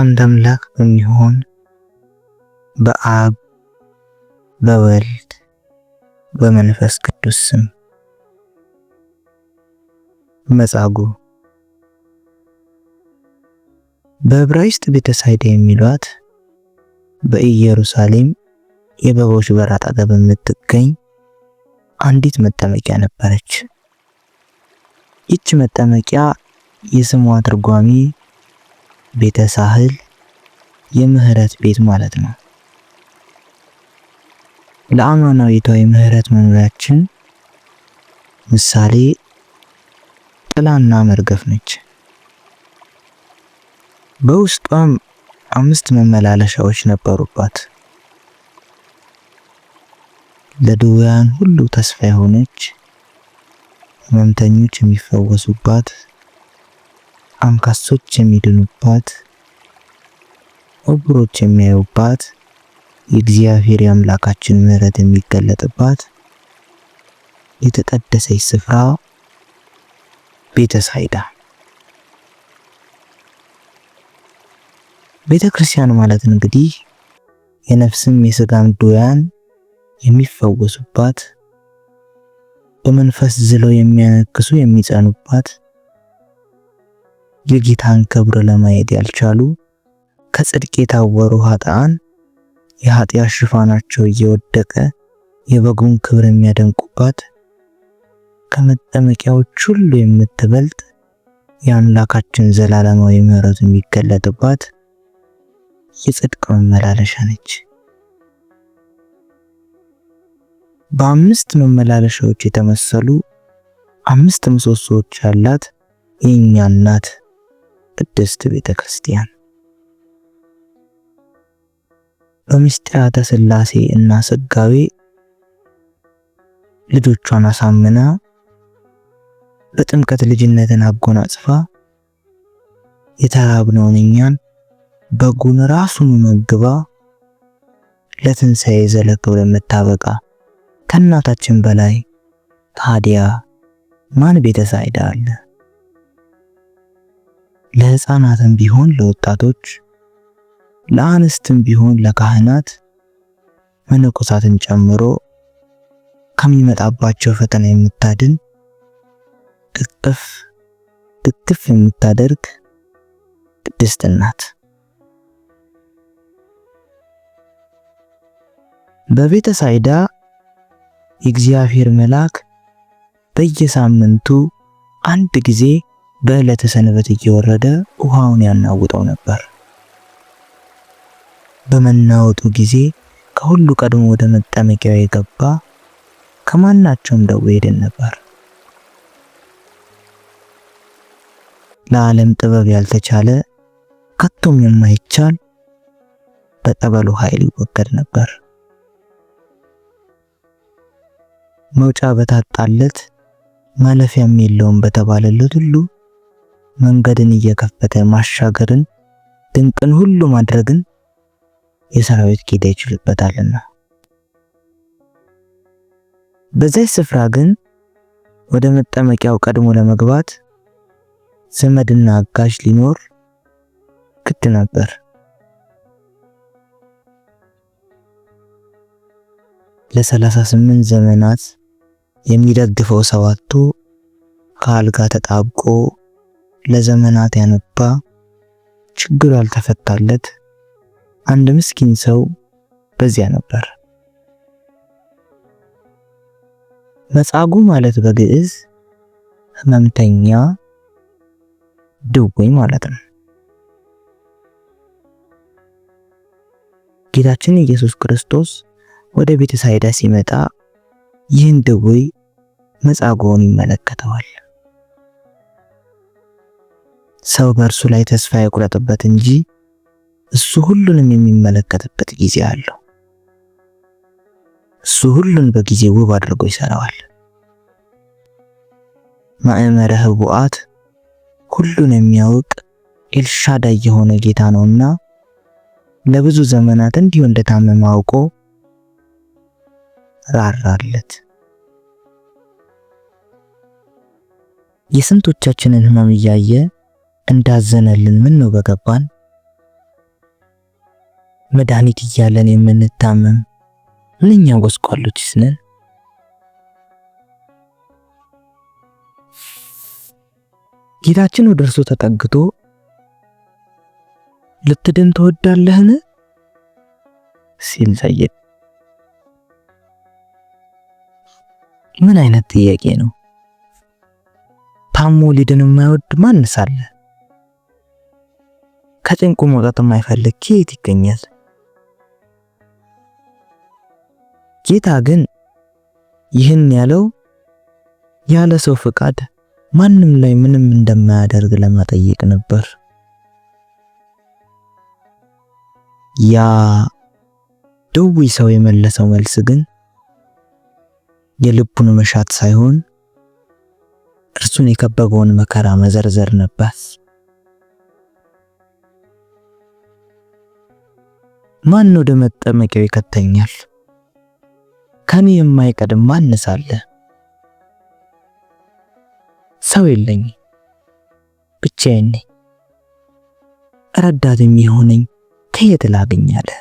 አንድ አምላክ በሚሆን በአብ በወልድ በመንፈስ ቅዱስ ስም መጻጉዕ በዕብራይስጥ ቤተሳይዳ የሚሏት በኢየሩሳሌም የበጎች በር አጠገብ የምትገኝ አንዲት መጠመቂያ ነበረች። ይች መጠመቂያ የስሟ ትርጓሜ ቤተ ሳህል የምህረት ቤት ማለት ነው። ለአማናዊቷ የምህረት መኖሪያችን ምሳሌ ጥላና መርገፍ ነች። በውስጧም አምስት መመላለሻዎች ነበሩባት። ለድውያን ሁሉ ተስፋ የሆነች ህመምተኞች የሚፈወሱባት አንካሶች የሚድኑባት፣ ዕውሮች የሚያዩባት፣ የእግዚአብሔር የአምላካችን ምሕረት የሚገለጥባት የተቀደሰች ስፍራ ቤተ ሳይዳ ቤተ ክርስቲያን ማለት እንግዲህ የነፍስም የስጋም ዶያን የሚፈወሱባት በመንፈስ ዝለው የሚያነክሱ የሚጸኑባት የጌታን ክብር ለማየት ያልቻሉ ከጽድቅ የታወሩ ኃጥአን የኃጢአት ሽፋናቸው እየወደቀ የበጉን ክብር የሚያደንቁባት ከመጠመቂያዎች ሁሉ የምትበልጥ የአምላካችን ዘላለማዊ ምሕረቱ የሚገለጥባት የጽድቅ መመላለሻ ነች። በአምስት መመላለሻዎች የተመሰሉ አምስት ምሰሶዎች ያላት የእኛ እናት ቅድስት ቤተ ክርስቲያን በምስጢራተ ሥላሴ እና ሥጋዌ ልጆቿን አሳምና በጥምቀት ልጅነትን አጎናጽፋ የተራብነውን እኛን በጉን ራሱን መግባ ለትንሣኤ ዘለክብር የምታበቃ ከእናታችን በላይ ታዲያ ማን ቤተሳይዳ አለ? ለህፃናትም ቢሆን ለወጣቶች፣ ለአንስትም ቢሆን ለካህናት መነኮሳትን ጨምሮ ከሚመጣባቸው ፈተና የምታድን እቅፍ ድግፍ የምታደርግ ቅድስት ናት። በቤተ ሳይዳ የእግዚአብሔር መልአክ በየሳምንቱ አንድ ጊዜ በዕለተ ሰንበት እየወረደ ውሃውን ያናውጠው ነበር። በመናወጡ ጊዜ ከሁሉ ቀድሞ ወደ መጠመቂያው የገባ ከማናቸውም ደዌ ይድን ነበር። ለዓለም ጥበብ ያልተቻለ ከቶም የማይቻል በጠበሉ ኃይል ይወገድ ነበር። መውጫ በታጣለት ማለፊያም የለውም በተባለለት ሁሉ መንገድን እየከፈተ ማሻገርን ድንቅን ሁሉ ማድረግን የሰራዊት ጌታ ይችልበታልና። በዚህ ስፍራ ግን ወደ መጠመቂያው ቀድሞ ለመግባት ዘመድና አጋዥ ሊኖር ግድ ነበር። ለሰላሳ ለ38 ዘመናት የሚደግፈው ሰው አጥቶ ከአልጋ ተጣብቆ ለዘመናት ያነባ ችግር ያልተፈታለት አንድ ምስኪን ሰው በዚያ ነበር። መጻጉ ማለት በግዕዝ ህመምተኛ ድውይ ማለት ነው። ጌታችን ኢየሱስ ክርስቶስ ወደ ቤተ ሳይዳ ሲመጣ ይህን ድውይ መጻጉዕን ይመለከተዋል። ሰው በእርሱ ላይ ተስፋ ይቁረጥበት እንጂ እሱ ሁሉንም የሚመለከትበት ጊዜ አለው። እሱ ሁሉን በጊዜ ውብ አድርጎ ይሰራዋል። ማእመረ ህቡአት ሁሉን የሚያውቅ ኤልሻዳይ የሆነ ጌታ ነውና ለብዙ ዘመናት እንዲሁ እንደታመመ አውቆ ራራለት። የስንቶቻችንን ህመም እያየ እንዳዘነልን ምን ነው በገባን መድኃኒት እያለን የምንታመም ምንኛ ጎስቋሎች ነን። ጌታችን ወደ እርሱ ተጠግቶ ልትድን ትወዳለህን ሲል ጠየቀ። ምን አይነት ጥያቄ ነው? ታሞ ሊድን የማይወድ ማንስ አለ? ከጭንቁ መውጣት የማይፈልግ ኬት ይገኛል? ጌታ ግን ይህን ያለው ያለ ሰው ፍቃድ ማንም ላይ ምንም እንደማያደርግ ለመጠየቅ ነበር። ያ ደዊ ሰው የመለሰው መልስ ግን የልቡን መሻት ሳይሆን እርሱን የከበበውን መከራ መዘርዘር ነበር። ማን ወደ መጠመቂያው ይከተኛል? ከኔ የማይቀድም ማንስ አለ? ሰው የለኝ ብቻዬን ነኝ። ረዳት የሚሆነኝ ከየት ላገኛለህ?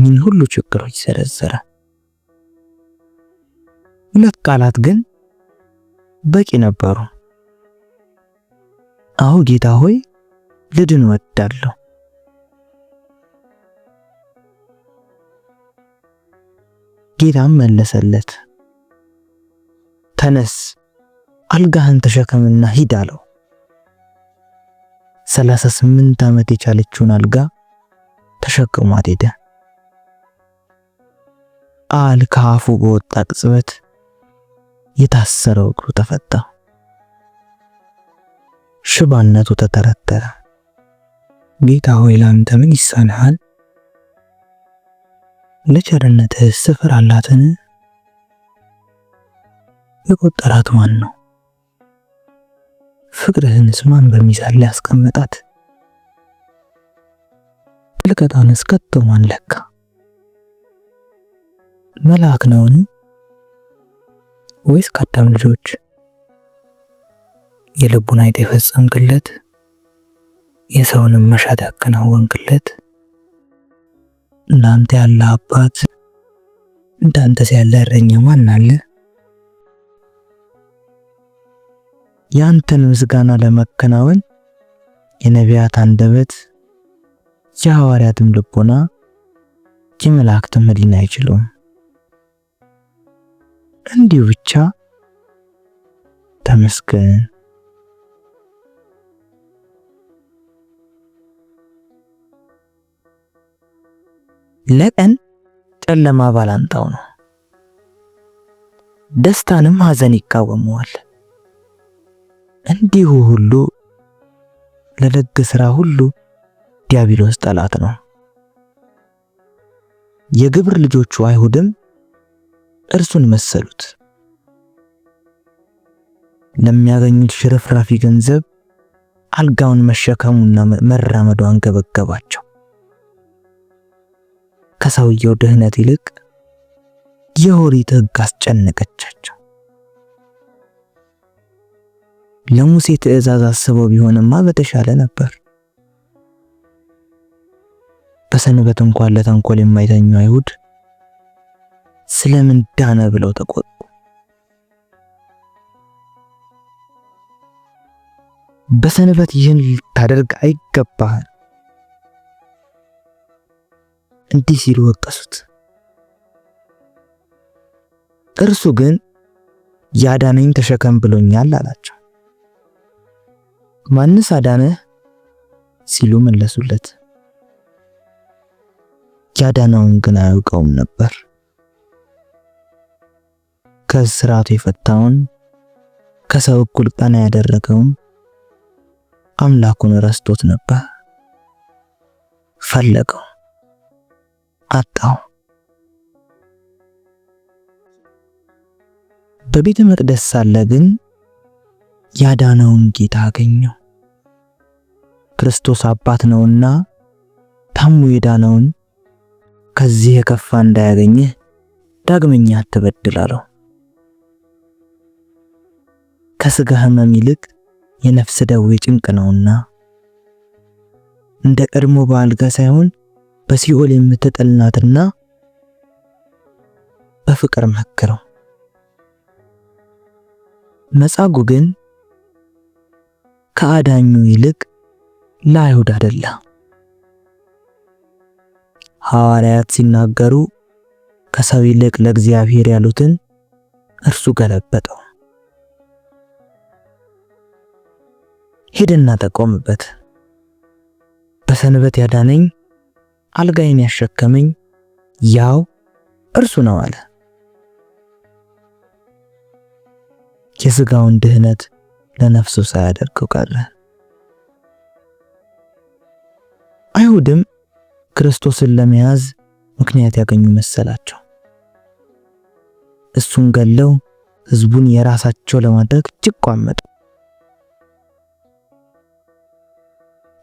ምን ሁሉ ችግሮች ዘረዘረ። ሁለት ቃላት ግን በቂ ነበሩ። አዎ ጌታ ሆይ ልድን ወዳለሁ። ጌታም መለሰለት፣ ተነስ አልጋህን ተሸከምና ሂድ አለው። ሰላሳ ዓመት የቻለችውን አልጋ ተሸክሟት ሄደ። ቃል ከአፉ በወጣ ቅጽበት የታሰረው እግሩ ተፈታ፣ ሽባነቱ ተተረተረ። ጌታ ሆይ ላንተ ምን ይሳንሃል? ለቸርነትህ ስፍር አላትን? የቆጠራት ማን ነው? ፍቅርህንስ ማን በሚዛን ላይ ያስቀመጣት? ጥልቀቷንስ ከቶ ማን ለካ? መልአክ ነውን ወይስ ከአዳም ልጆች የልቡን አይጥ የፈጸምክለት የሰውንም መሻት ያከናወንክለት እንዳንተ ያለ አባት እንዳንተስ ያለ እረኛ ማን አለ? ያንተን ምስጋና ለመከናወን የነቢያት አንደበት የሐዋርያትም ልቦና የመላእክትም ሕሊና አይችሉም። እንዲሁ ብቻ ተመስገን። ለቀን ጨለማ ባላንጣው ነው። ደስታንም ሐዘን ይቃወመዋል። እንዲሁ ሁሉ ለደግ ስራ ሁሉ ዲያብሎስ ጠላት ነው። የግብር ልጆቹ አይሁድም እርሱን መሰሉት። ለሚያገኙት ሽርፍራፊ ገንዘብ አልጋውን መሸከሙና መራመዱ አንገበገባቸው። ከሰውየው ድህነት ይልቅ የኦሪት ሕግ አስጨነቀቻቸው። ለሙሴ ትእዛዝ አስበው ቢሆንማ በተሻለ ነበር። በሰንበት እንኳን ለተንኮል የማይተኙ አይሁድ ስለምን ዳነ ብለው ተቆጡ። በሰንበት ይህን ልታደርግ አይገባህም እንዲህ ሲሉ ወቀሱት። እርሱ ግን ያዳነኝ ተሸከም ብሎኛል አላቸው። ማንስ አዳነህ ሲሉ መለሱለት። ያዳነውን ግን አያውቀውም ነበር። ከስራቱ የፈታውን ከሰው እኩል ቀና ያደረገውን አምላኩን ረስቶት ነበር። ፈለገው። አጣው። በቤተ መቅደስ ሳለ ግን ያዳነውን ጌታ አገኘው። ክርስቶስ አባት ነውና ታሙ የዳነውን ከዚህ የከፋ እንዳያገኝህ ዳግመኛ አትበድል አለው። ከስጋ ሕመም ይልቅ የነፍስ ደዌ ጭንቅ ነውና እንደ ቀድሞ በአልጋ ሳይሆን በሲኦል የምትጠልናትና በፍቅር መክረው። መጻጉ ግን ከአዳኙ ይልቅ ለአይሁድ አደላ። ሐዋርያት ሲናገሩ ከሰው ይልቅ ለእግዚአብሔር ያሉትን እርሱ ገለበጠው። ሄደና ጠቆምበት በሰንበት ያዳነኝ አልጋዬን ያሸከመኝ ያው እርሱ ነው አለ። የስጋውን ድህነት ለነፍሱ ሳያደርገው ቀረ። አይሁድም ክርስቶስን ለመያዝ ምክንያት ያገኙ መሰላቸው። እሱን ገለው ሕዝቡን የራሳቸው ለማድረግ እጅግ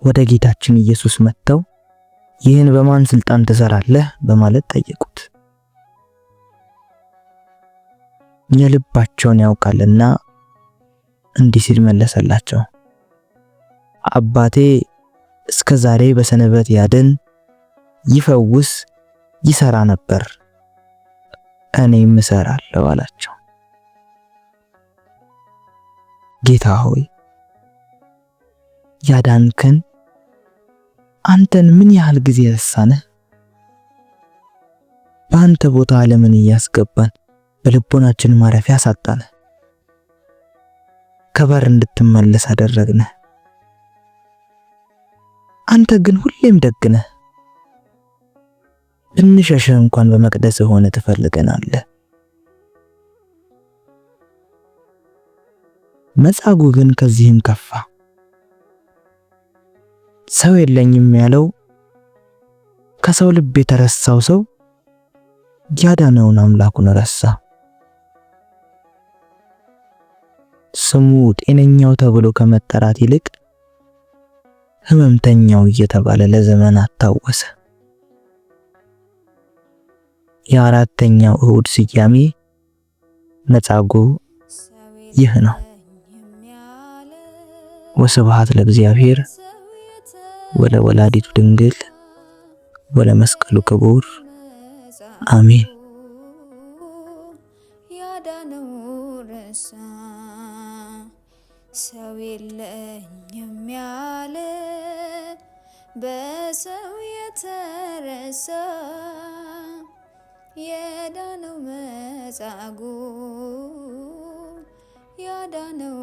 ወደ ጌታችን ኢየሱስ መጥተው ይህን በማን ስልጣን ትሰራለህ? በማለት ጠየቁት። የልባቸውን ያውቃልና እንዲህ ሲል መለሰላቸው። አባቴ እስከ ዛሬ በሰንበት ያድን፣ ይፈውስ፣ ይሰራ ነበር፣ እኔም እሰራለሁ አላቸው። ጌታ ሆይ ያዳንክን አንተን ምን ያህል ጊዜ ረሳንህ? በአንተ ቦታ ዓለምን እያስገባን በልቦናችን ማረፊያ ያሳጣነ ከበር እንድትመለስ አደረግነ አንተ ግን ሁሌም ደግነ ብንሸሽህ እንኳን በመቅደስ ሆነ ትፈልገናለህ። መጻጉዕ ግን ከዚህም ከፋ። ሰው የለኝም ያለው ከሰው ልብ የተረሳው ሰው ያዳነውን አምላኩን ረሳ። ስሙ ጤነኛው ተብሎ ከመጠራት ይልቅ ሕመምተኛው እየተባለ ለዘመናት ታወሰ። የአራተኛው እሁድ ስያሜ መጻጉዕ ይህ ነው። ወስብሐት ለእግዚአብሔር ወለወላዲቱ ድንግል ወለ መስቀሉ ክቡር አሜን። ያዳነው ረሳ ሰው የለኝም ያለ በሰው የተረሳ የዳነው መጻጉዕ ያዳነው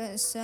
ረሳ